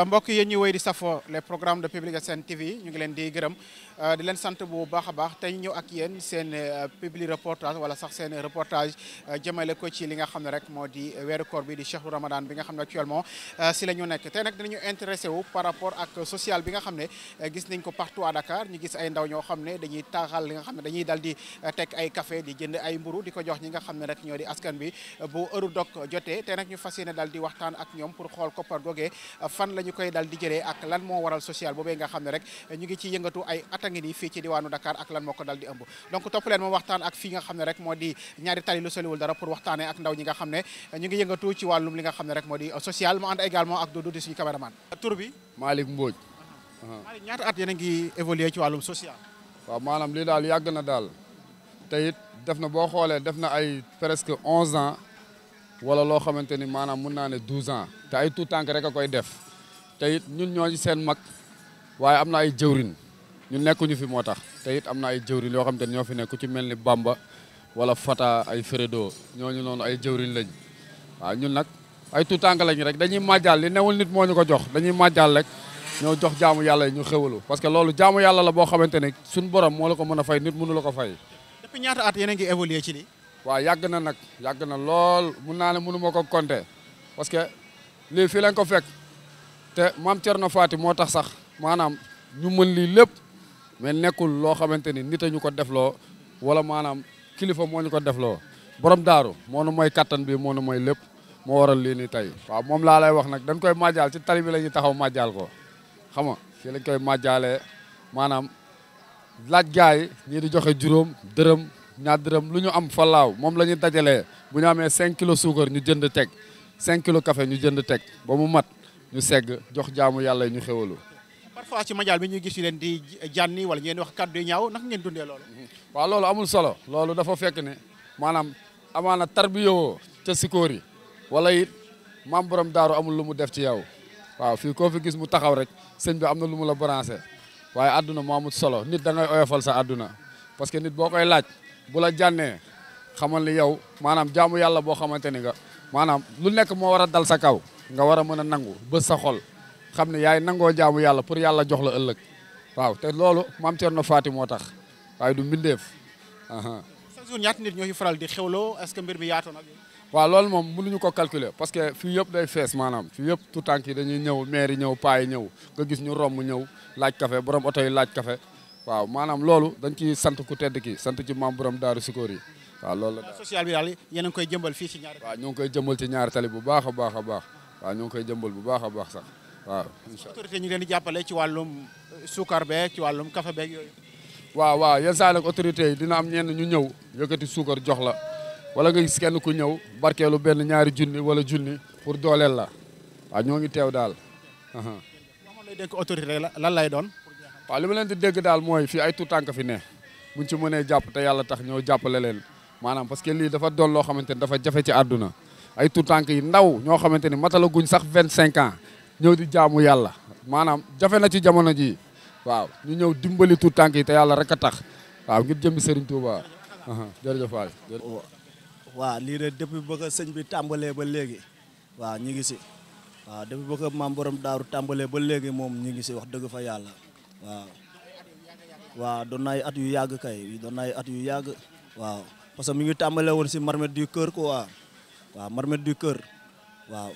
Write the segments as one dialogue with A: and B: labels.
A: Euh, mbokk yéen ñu wéy di safo les programmes de Public SN TV ñu ngi leen di gërëm euh, di leen sant bu baax a baax tey ñëw ak yéen seen euh, public reportage wala sax seen reportage jëmale ko ci li nga xam ne rek moo di weeru koor bi di cheikh ramadan bi nga xam ne actuellement si la ñu nekk tey nag dinañu intéressé wu par rapport ak social bi nga xam ne gis nañ ko partout à Dakar ñu gis ay ndaw ñoo xam ne dañuy taaxal li nga xam ne dañuy dal di teg ay café di jënd ay mburu di ko jox ñi nga xam ne rek ñoo di askan bi bu heure dog jotee tey nag ñu fas yéene dal di waxtaan ak ñoom pour xool koppar googee ñu dal di jéré ak lan mo waral social bobé nga xamné rek ñu ngi ci yëngatu ay atangi ni fi ci diwanu Dakar ak lan moko dal di ëmb donc top leen mo waxtaan ak fi nga xamné rek modi ñaari tali lu soliwul dara pour waxtané ak ndaw ñi nga xamné ñu ngi yëngatu ci walum li nga xamné rek modi social mo ànd également ak Doudou di suñu cameraman
B: tour bi Malik Mbodj Malick ñaata at yéen a ngi évoluer ci walum social wa manam li dal yàgg na daal te def na bo xolé def na ay presque 11 ans wala lo xamanteni manam mën na né 12 ans té ay tout temps rek a koy def te ñun ñoo seen mag waaye am na ay jëwrin ñu nekkuñu fi moo tax te it am na ay jëwrin yoo xam te ne ñoo fi nekk ci mel ni Bamba wala Fata ay Fredo ñooñu noonu ay jëwrin lañ waaw ñun nag ay tuutànk lañ rek dañuy màjjal li newul nit moo ñu ko jox dañuy màjjal rek ñoo jox jaamu yàlla yi ñu xewalu parce que loolu jaamu yàlla la boo xamante ne suñ borom moo la ko mën a fay nit mënu la ko fay. depuis ñaata at yéen a ngi évolué ci lii. waaw yàgg na nag yàgg na lool mun naa ne mënu ko compter parce que lii fii lañ ko fekk. te maam na Faty moo tax sax maanaam ñu mën lii lépp mais nekkul loo xamante ni nit a ñu ko defloo wala maanaam kilifa moo ñu ko defloo borom daaru moo nu mooy kattan bi moo nu mooy lépp moo waral lii nii tey. waaw moom laa lay wax nag dañ koy màjjaal ci tali bi la taxaw màjjaal ko xam nga fii lañ koy màjjaalee maanaam laaj gaay yi ñii di joxe juróom dërëm ñaar dërëm lu ñu am falaaw moom la ñuy dajalee bu ñu amee 5 kilos suukar ñu jënd teg cinq kilos café ñu jënd teg ba mu mat. ñu segg jox jaamu yàlla ñu xéwalu
A: parfois ci majaal bi ñu gis leen di jànni wala ngeen wax kàddu ñaaw naka ngeen dundee loolu
B: waa loolu amul solo loolu dafa fekk ne maanaam amaana tarbiyoo ca sikóor yi wala it maam borom daaru amul lu mu def ci yow waaw fii koo fi gis mu taxaw rek sëñ bi am na lu mu la branché waaye àdduna moo amul solo nit da ngay oyofal sa àdduna parce que nit boo koy laaj bu la jànnee xamal ni yow maanaam jaamu yàlla boo xamante ni nga maanaam lu nekk moo war a dal sa kaw nga war a mën a nangu bës sa xol xam ne yaay nangoo jaamu yàlla pour yàlla jox la ëllëg waaw te loolu maam na Faati moo tax waaye du mbindeef.
A: chaque jour ñoo fi faral di xewloo est-ce que yaatoo nag.
B: waaw loolu moom mënuñu ko calculer parce que fii yëpp day fees maanaam fii yëpp tout tànk yi dañuy ñëw maire yi ñëw paa ñëw nga gis ñu romb ñëw laaj kafe borom oto yi laaj kafe waaw maanaam loolu dañ ciy sant ku tedd ki sant ci maam borom daaru sikoor yi waaw loolu la. social bi daal yéen koy jëmbal fii ci ñaari. ñoo ngi koy jëmbal ci ñaari tali bu baax a baax a baax. waaw ñoo ngi koy jëmbal bu baax a baax sax waaw. autorité
A: ñu leen di jàppale ci wàllum suukar beeg ci wàllum kafe beeg yooyu.
B: waaw waaw yenn saa autorité yi dina am ñenn ñu ñëw yëkkati suukar jox la wala nga gis kenn ku ñëw barkeelu benn ñaari junni wala junni pour dooleel la waaw ñoo ngi teew daal. moom lay dégg autorité lan lay doon. waaw li ma leen di dégg daal mooy fii ay tuutànk fi ne buñ ci e jàpp te yàlla tax ñëw jàppale leen maanaam parce que lii dafa doon loo xamante ni dafa jafe ci àdduna. ay tànk yi ndaw ñoo xamante ni matalaguñ sax vingt cinq ans ñëw di jaamu yàlla maanaam jafe na ci jamono ji waaw ñu ñëw dimbali tànk yi te yàlla rek a tax
C: waaw ngir jëmmi Serigne Touba jërëjëf waay. waaw lii de depuis ba ko sëñ bi tàmbalee ba léegi waaw ñu ngi si waaw depuis ba ko maam tàmbalee ba léegi moom ñu ngi si wax dëgg fa yàlla waaw. waaw na ay at yu yàgg kay doon ay at yu yàgg waaw parce que mi ngi tàmbale woon si marmite du cœur quoi. waaw marmite du kër waaw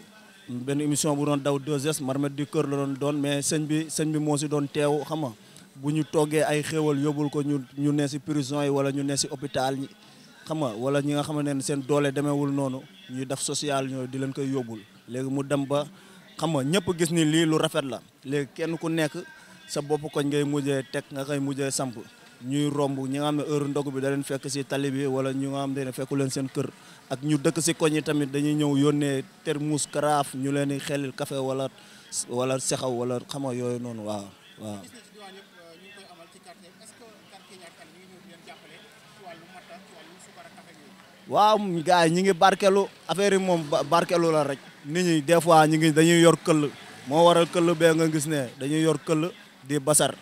C: benn émission bu doon daw 2S marmite du cœur la doon doon mais sëñ bi sëñ bi moo si doon teew xam nga bu ñu toggee ay xéwal yóbbul ko ñu ñu ne si prison yi wala ñu ne si hôpital yi xam nga wala ñi nga xamante ne seen doole demewul noonu ñuy def social ñoo di leen koy yóbbul léegi mu dem ba xam nga ñëpp gis ni lii lu rafet la léegi kenn ku nekk sa bopp koñ ngay mujjee teg nga koy mujjee samp ñuy rombu ñi nga xam heure ndogu bi da leen fekk ci tali bi wala ñu nga xam ne fekku leen seen kër ak ñu dëkk ci koñi tamit dañuy ñëw yónnee termus karaaf ñu leen di xelil café wala wala xexaw wala xama yoy non wa wa waaw mi gaay ñi ngi barkelu affaire mom barkelu la rek nit ñi des fois ñi ngi dañuy yor keul mo waral keul be nga gis ne dañuy yor keul di basar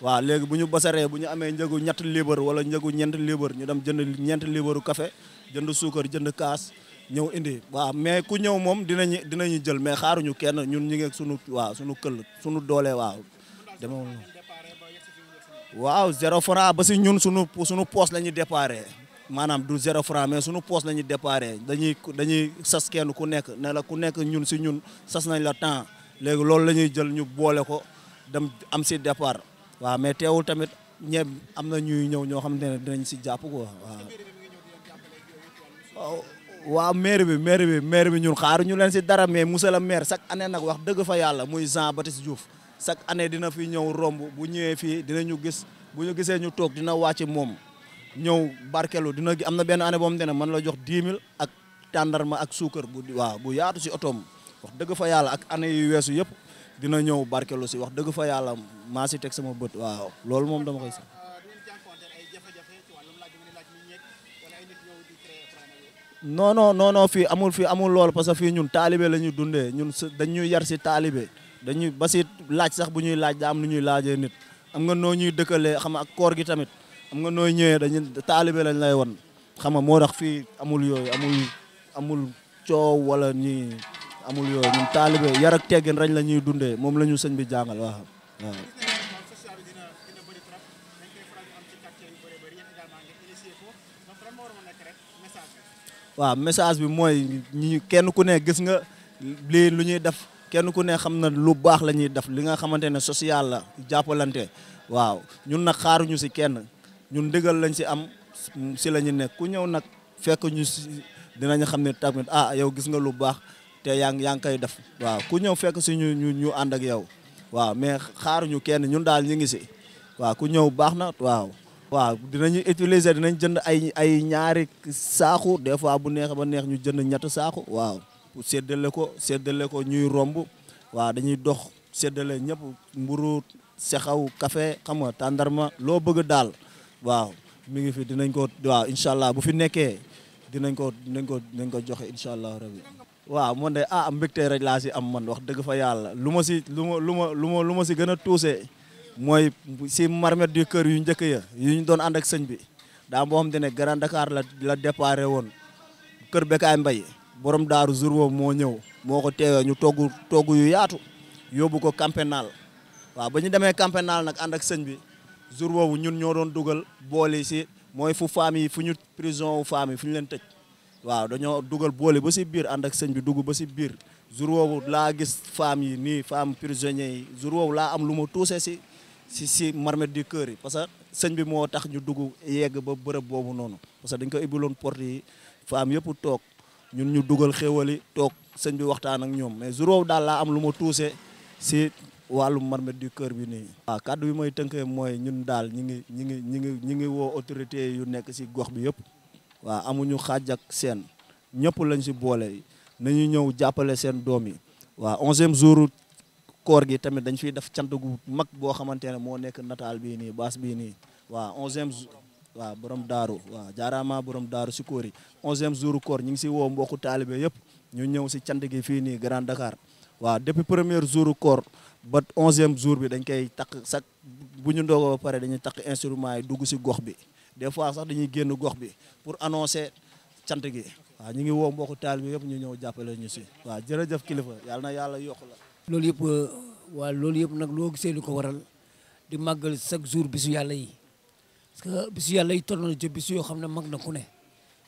C: waaw léegi bu ñu basaree bu ñu amee njëgu ñett libre wala njëgu ñeent libre ñu dem jënd ñeent libre kafe jënd suukar jënd kaas ñëw indi waa mais ku ñëw moom dinañu dinañu jël mais xaaruñu kenn ñun ñu ngeeg sunu waaw sunu këll sunu doole waaw demeewul waaw si ñun sunu sunu poos la ñuy déparé maanaam du zéro franc mais sunu poos la ñuy déparé dañuy dañuy sas kenn ku nekk ne la ku nekk ñun si ñun sas nañ la temps léegi loolu la ñuy jël ñu boole ko dem am si départ waaw mais teewul tamit ñëpp am na ñuy ñëw ñoo xam ne dinañ si jàpp quoi waaw. Oh, waaw bi maire bi maire bi ñun xaaruñu leen si dara mais monsieur le maire chaque année nag wax dëgg fa yàlla muy Jean Baptiste Diouf chaque année dina fi ñëw romb bu ñëwee fii dinañu gis bu ñu gisee ñu toog dina wàcc moom ñëw barkelu dina am na benn année boo xam ne man la jox 10 000 ak tàndarma ak suukar bu waaw bu yaatu si otoom wax dëgg fa yàlla ak année yu weesu yëpp. dina ñëw barke lu si wax dëgg fa yàlla maa si teg sama bët waaw loolu moom dama koy si non non non non fii amul fii amul lool parce que fii ñun taalibe lañuy dundee ñun dañuy yar si taalibe dañuy ba laaj sax bu ñuy laaj daa am nu ñuy laajee nit am nga noo ñuy dëkkalee xam ak koor gi tamit am nga nooy ñëwee dañuy taalibe lañ lay won xam nga moo tax fii amul yooyu amul amul coow wala ñi amul yooyu ñun taalibe yar ak teggin rañ la ñuy dundee moom la ñu sëñ bi jàngal waaw waaw. message bi mooy ñi kenn ku ne gis nga lii lu ñuy def kenn ku ne xam na lu baax la ñuy def li nga xamante ne social la jàppalante waaw ñun nag xaaruñu si kenn ñun dëggal lañ si am si la ñu nekk ku ñëw nag fekk ñu si dinañ xam ne tamit ah yow gis nga lu baax te yaa ngi def waaw ku ñëw fekk si ñu ñu ànd ak yow waaw mais xaar ñu kenn ñun daal ñu ngi si waaw ku ñëw baax na waaw. waaw dinañu utiliser dinañ jënd ay ay ñaari saaku des fois bu neex ba neex ñu jënd ñetti saaku waaw séddale ko séddale ko ñuy romb waaw dañuy dox séddale ñëpp mburu sexaw kafe xam nga tàndarma loo bëgg daal waaw mi ngi fi dinañ ko waaw incha allah bu fi nekkee dinañ ko dinañ ko dinañ ko joxe incha allah rabi waaw man de ah mbégte rek laa si am man wax dëgg fa yàlla lu ma si lu ma lu ma lu ma lu ma si gën a tuusee mooy si marmite du kër yu njëkk ya yu ñu doon ànd ak sëñ bi daa boo xam te ne Dakar la la woon kër Bekaay Mbaye borom daaru jour boobu moo ñëw moo ko teewee ñu togg togg yu yaatu yóbbu ko campénal waaw ba ñu demee campénal nag ànd ak sëñ bi jour boobu ñun ñoo doon dugal bool si mooy fu famille fu ñu prison wu famille fu ñu leen tej waaw dañoo dugal boole ba si biir ànd ak sëñ bi dugg ba si biir jour woowu laa gis femmes yi nii femmes prisonnier yi jour woowu laa am lu ma tuuse si si si marmite du cœur yi parce que sëñ bi moo tax ñu dugg yegg ba bërëb boobu noonu parce que dañ ko ibbiloon porte yi femmes yëpp toog ñun ñu dugal xéwali toog sëñ bi waxtaan ak ñoom mais jour woowu daal laa am lu ma tuuse si wàllum marmite du cœur bi nii. waaw kaddu bi mooy tënkee mooy ñun daal ñi ngi ñi ngi ñi ngi ñi ngi woo autorité yu nekk si gox bi yëpp. waaw amuñu xaaj seen ñëpp lañ si boole nañu ñëw jàppale seen doom yi waaw onzième jour koor gi tamit dañ fiy def cant gu mag boo xamante ne moo nekk nataal bii nii baas bii nii waaw onzième waaw borom daaru waaw jaaraama borom daaru si koor yi onzième jour koor ñu ngi si woo mbokku taalibe yëpp ñu ñëw si cant gi fii nii Grand Dakar waaw depuis premier jour koor ba onzième jour bi dañ koy takk sax bu ñu ndogoo ba pare dañu takk instrument yi dugg si gox bi des fois sax dañuy génn gox bi pour annoncer cant gi waaw ñu ngi woo mbokku taal bi yëpp ñu ñëw jàppale ñu si waaw jërëjëf kilifa yàlla na yàlla yokk la. loolu yëpp waa loolu yëpp nag loo gisee lu ko waral di màggal chaque jour bisu yàlla yi parce que
D: bisu yàlla yi toll na ci bisu yoo xam ne mag na ku ne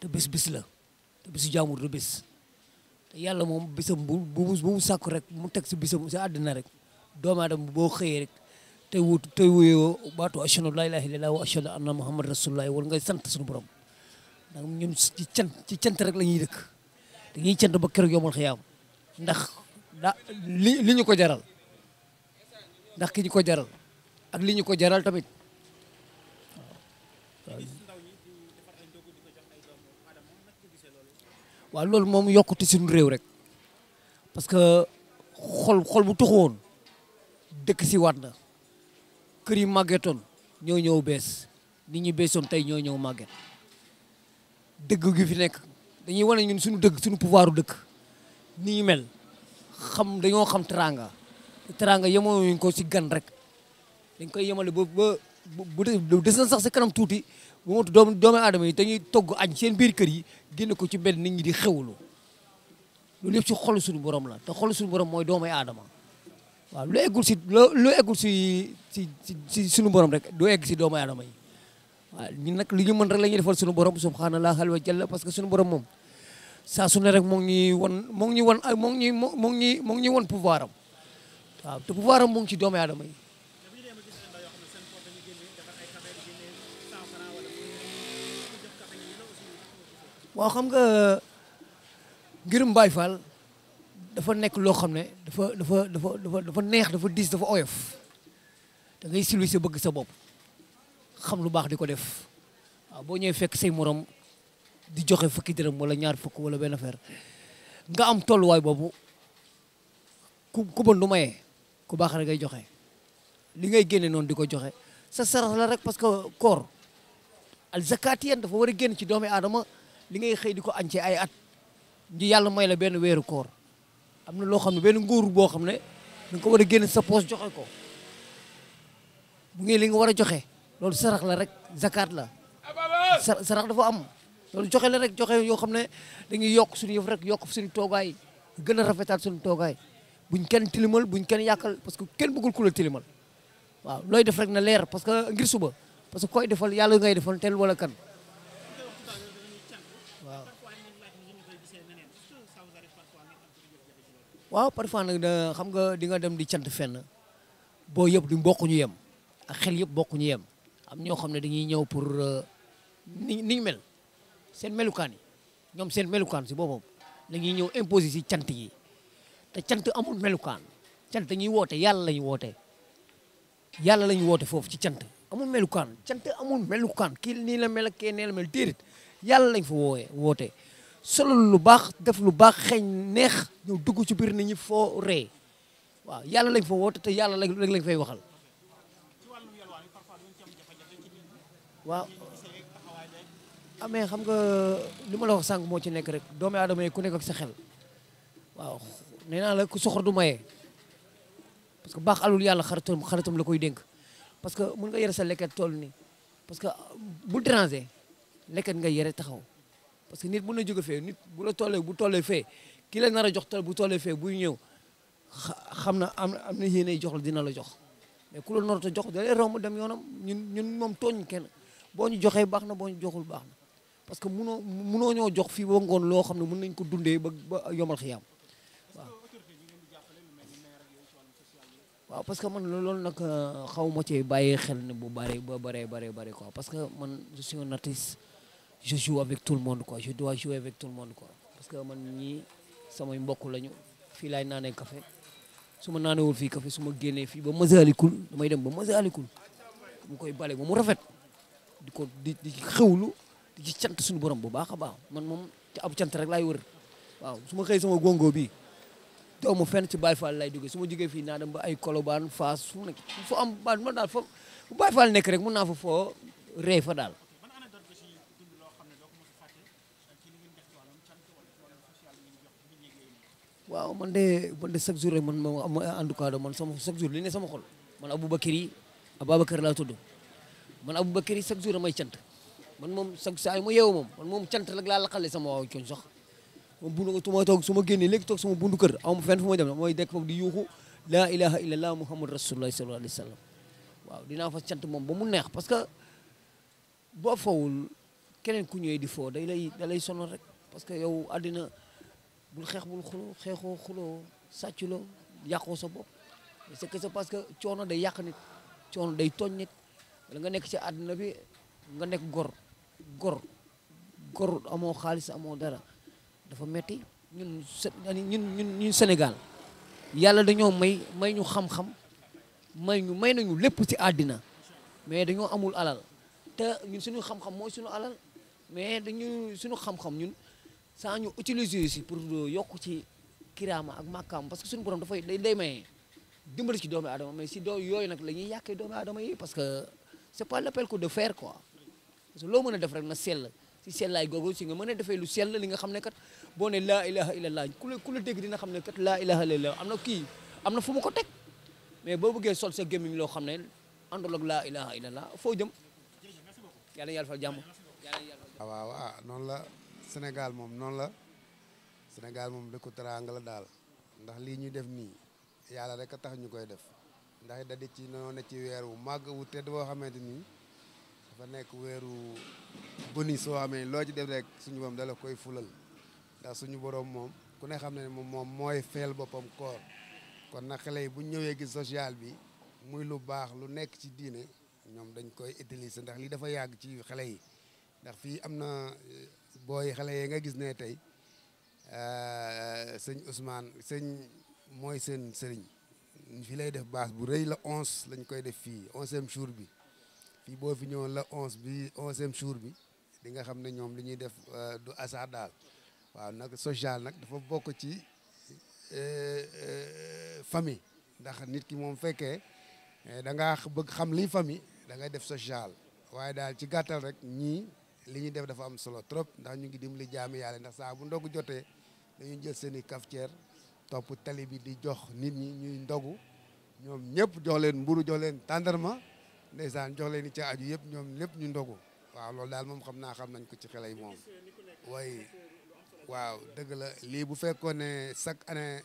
D: te bis bis la te bisu jaamur du bis te yàlla moom bisam bu bu mu sàkku rek mu teg si bisam si àddina rek doomu aadama boo xëyee rek. te wut te wuyoo baatu ashhadu laa ilaaha illallaah wa ashhadu anna muhammad rasulullaah war ngay sant suñu borom ndax ñun ci cant ci cant rek la ñuy dëkk dañuy cant ba keroog yomal xiyaam ndax da li li ñu ko jaral ndax ki ñu ko jaral ak li ñu ko jaral tamit waaw loolu moom yokkute suñu réew rek parce que xol xol bu tuxu woon dëkk si waat na kër yi nyonyo ñoo ñëw bees nit ñi beesoon tay ñoo ñëw màgget deug gu fi nek dañuy wone ñun suñu deug suñu pouvoiru deuk ni mel xam dañoo xam teranga teranga yemo ñu ko ci gan rek dañ koy yemal bu bu des na sax ci kanam tuuti bu mu doom doom adam yi dañuy togg añ seen biir kër yi genn ko ci benn nit ñi di xewlu lu yëpp ci xol suñu borom la te xol suñu borom mooy doomu aadama waaw lu eggul si lu eggul si si si sunu borom rek du egg si doomu aadama yi waaw ñun nag li ñu mën rek la ñuy defal sunu borom subhanallah wa jalla parce que sunu borom moom saa su rek moo ngi won wan moo ngi ñuy wan moo ngi ñuy moo ngi moo ngi ñuy wan pouvoir am mu ngi ci doomu aadama yi. waaw xam nga ngir Mbaye dafa nekk loo xam ne dafa dafa dafa dafa neex dafa diis dafa oyof da ngay silu sa bëgg sa bopp xam lu baax di ko def waaw boo ñëwee fekk say morom di joxe fukki dërëm wala ñaar fukk wala benn affaire nga am tolluwaay boobu ku ku bon du mayee ku baax rek ngay joxe li ngay génne noonu di ko joxe sa sarax rek parce que koor al zakat yéen dafa war a génn ci doomi aadama li ngay xëy di ko añ ci ay at ñu yàlla may la benn weeru koor am na loo xam ne benn nguur boo xam ne da nga ko war a génn sa poos joxe ko bu ngeen li nga war a joxe loolu sarax la rek zakat la sarax dafa am loolu joxe la rek joxe yoo xam ne dañuy yokk suñu yëf rek yokk suñu toogaay gën a rafetaat suñu bu buñ kenn tilimal buñ kenn yàqal parce que kenn bëggul ku la tilimal waaw looy def rek na leer parce que ngir suba parce que koy defal yàlla ngay defal tel wala kan waaw parfois nag da xam nga di nga dem di cant fenn boo yëpp di bokk yem ak xel yëpp bokk yem am ñoo xam ne dañuy ñëw pour euh, ni ni mel seen melukaan yi ñoom seen melukaan si boppam dañuy ñëw imposé si cant yi te cant amul melukaan cant ñuy woote yàlla la ñu woote yàlla la ñu foofu ci cant amul melukaan cant amul melukaan kii nii la mel ak kee nee la mel déedéet yàlla lañ fa wooyee woote solo lu baax def lu baax xeeñ neex ñëw dugg ci biir ni ñi foo ree waaw yàlla lañ fa woote te yàlla lañ lañ fay waxal waaw amee ah, xam nga li ma la wax sànq moo ci nekk rek doomu aadama yi ku nekk sa xel waaw nee naa la ku soxor du maye parce que baax alul yàlla xaritam xaritam la koy dénk parce que mun nga yere sa lekket tool nii parce que bu déranger lekket nga yere taxaw parce que nit mun na jóge fee nit bu la tollee bu tollee fee ki la a jox tool bu tollee fee buy ñëw xam na am am na yéene jox la dina la jox mais ku la nar a jox da dem yoonam ñun ñun moom tooñ kenn boo ñu joxee baax na boo joxul baax na parce que munoo munoo ñoo jox fii ba ngoon loo xam ne mën nañ ko dundee ba ba yomal xiyaam waaw. waaw parce que man loolu nag euh, xaw ma cee bàyyi xel ne bu bëree ba bëree bëree quoi parce que man je suis un artiste. je joue avec tout le monde quoi je dois jouer avec tout le monde quoi parce que man ñii samay mbokk lañu fii laay naanee kafe su ma naanee naanewul fii café su ma génnee fii ba Massalikul damay dem ba Massalikul mu koy bale ba mu rafet di ko di di xewlu di ci suñu borom bu baax a baax man moom ci ab cant rek laay wër waaw su ma xëy sama gongo bi daw ma fenn ci Baye Fall lay jógee su ma jógee fii naa dem ba ay Colobane Fass fu nekk fu am ba man daal foofu bu Baye Fall nekk rek mun naa fa foo reefa daal waaw man de man de chaque jour rek man en tout cas man sama chaque jour li ne sama xol man Aboubacry Ababacar laa tudd man Aboubacry chaque jour damay cant man moom chaque saa yi ma yeewu moom man moom cant rek laa laqale sama waaw cooñ sax moom bu nga tuma toog su ma génnee léegi toog sama bundu kër aw ma fenn fu ma dem mooy dekk foofu di yuuxu laa ilaha illallah muhammad rasulullah sallallahu waaw dinaa fa cant moom ba mu neex parce que boo fawul keneen ku ñëwee di foo day lay da lay sonal rek parce que yow àddina bul xeex bul xuloo xeexoo xuloo sàcculoo yàqoo sa bopp c'est que c'est parce que coono day yàq nit coono day tooñ nit wala nga nekk ci àdduna bi nga nekk gor gor gor amoo xaalis amoo dara dafa metti ñun ñun ñun ñun Sénégal yàlla dañoo may may ñu xam-xam may ñu may nañu lépp ci àddina mais dañoo amul alal te ñun suñu xam-xam mooy suñu alal mais dañu suñu xam-xam ñun sans ñu utiliser si pour yokk ci kiraama ak màkkaam parce que suñu borom dafay day maye dimbali ci doomu aadama mais si doo yooyu nag la ñuy yàqee doomu aadama yi parce que c'est pas l'appel que de faire quoi parce que loo mën a def rek na sell si sellaay googu si nga mën a defee lu sell li nga xam ne kat boo la xam ne kat laa ilaha illallah am na kii am na fu mu ko mais boo bëggee sol sa gémmiñ loo xam ne àndul ak laa ilaha illallah foo jëm yàlla yàlla fal jàmm ah, waaw waaw noonu Sénégal moom noonu la
E: Sénégal moom dëkku teraanga la daal ndax lii ñuy def nii yàlla rek a tax ñu koy def ndax da di ci noo ci weer wu màgg wu tedd boo xamante ni dafa nekk weeru bëni soo xamee loo ci def rek suñu borom dala koy fulal ndax suñu borom moom ku ne xam ne moom moom mooy feel boppam koor kon na xale yi bu ñëwee gis social bi muy lu baax lu nekk ci diine ñoom dañ koy utiliser ndax lii dafa yàgg ci xale yi ndax fii am na booy xale yee nga gis ne tey euh, sëñ Ousmane sëñ mooy seen sëriñ fi lay def baas bu rëy la onze lañ koy def fii onzième jour bi fii boo fi ñëwoon la onze bi onzième jour bi di nga xam ne ñoom li ñuy def euh, du asaar daal waaw nag social nag dafa bokk ci euh, famille ndax nit ki moom fekkee eh, da nga bëgg xam liy famille da ngay def social waaye daal ci gàttal rek ñii li ñuy def dafa am solo trop ndax ñu ngi dimbali jaami yàlla ndax saa bu ndogu jotee dañuy jël seen i cafetière topp tali bi di jox nit ñuy ndogu ñoom ñëpp jox leen mburu jox leen tàndarma ndeysaan jox leen i ca aju yëpp ñoom ñëpp ñu ndogu waaw loolu daal moom xam naa xam nañ ko ci xelay moom waaye waaw dëgg la lii bu fekkoon ne chaque année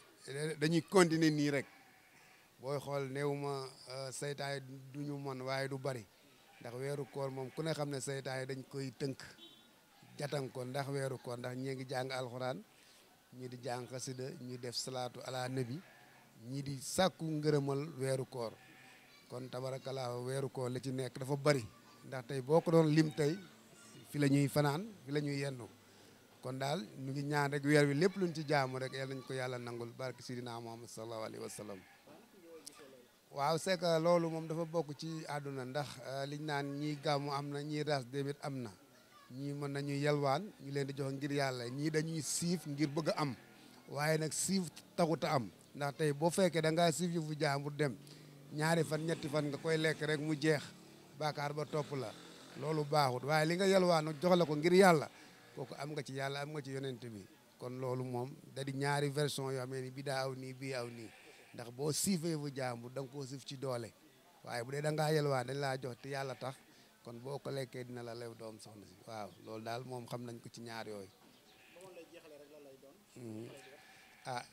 E: dañuy continuer nii rek booy xool néew ma euh, seytaay duñu ñu waaye du bari ndax weeru koor moom ku ne xam ne seytaan yi dañ koy tënk jatan ko ndax weeru koor ndax ñii ngi jàng alxuraan ñii di jàng xasida ñii def salaatu ala nabi ñii di sàkku ngërëmal weeru koor kon tabarakalaa weeru koor li ci nekk dafa bari ndax tey boo ko doon lim tey fi la ñuy fanaan fi la ñuy yendu kon daal ñu ngi ñaan rek weer wi lépp luñ ci jaamu rek yal nañ ko yàlla nangul barke sidina Muhammad sallallahu alayhi wa sallam waaw c'est que loolu moom dafa bokk ci aduna ndax eh, liñ naan ñi gamu amna ñi ras demit amna ñi mën nañu yelwaan ñu leen di jox ngir yàlla ñi dañuy siif ngir bëgg am waaye nag siif taxut a am ndax tey boo fekkee da ngaa siif yëfu jaambur dem ñaari fan ñetti fan nga koy lekk rek mu jeex bakkar ba topp la loolu baaxut waaye li nga yelwaan jox ko ngir yàlla kooku am nga ci yàlla am nga ci yonent bi kon loolu mom da di ñaari version yoo xam ni bi daa aw nii ndax boo siifee bu jàmbur da nga koo siif ci doole waaye bu dee da ngaa yelwaa dañ laa jox te yàlla tax kon boo ko lekkee dina la lew doom soxna si waaw loolu daal moom xam nañ ko ci ñaar yooyu hmm. a ah,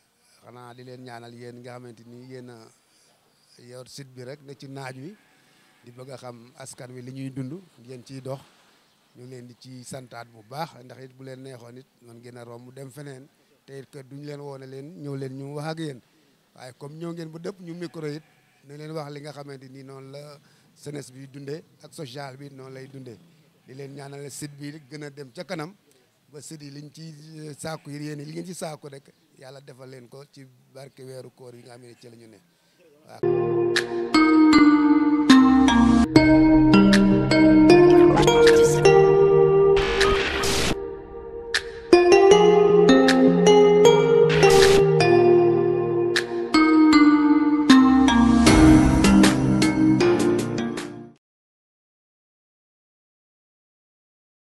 E: xanaa di leen ñaanal yéen nga xamante ni yéen a yor site bi rek ne ci naaj wi di bëgg a xam askan wi li ñuy dund ngeen ciy dox ñu leen di ci santaat bu baax ndax it bu leen neexoon it man ngeen a romb dem feneen te it que duñ leen woone leen ñëw leen ñu wax ak yéen ay comme ñëw ngeen bu dëpp ñu micro it leen wax li nga xamante ni noonu la jeunesse bi dundee ak social bi noonu lay dundee di leen ñaanal site bi gën a dem ca kanam ba site yi liñ ci euh, saaku yi yéen li ci saaku rek yàlla defal leen ko ci barke weeru koor yi nga xam ne la ñu ne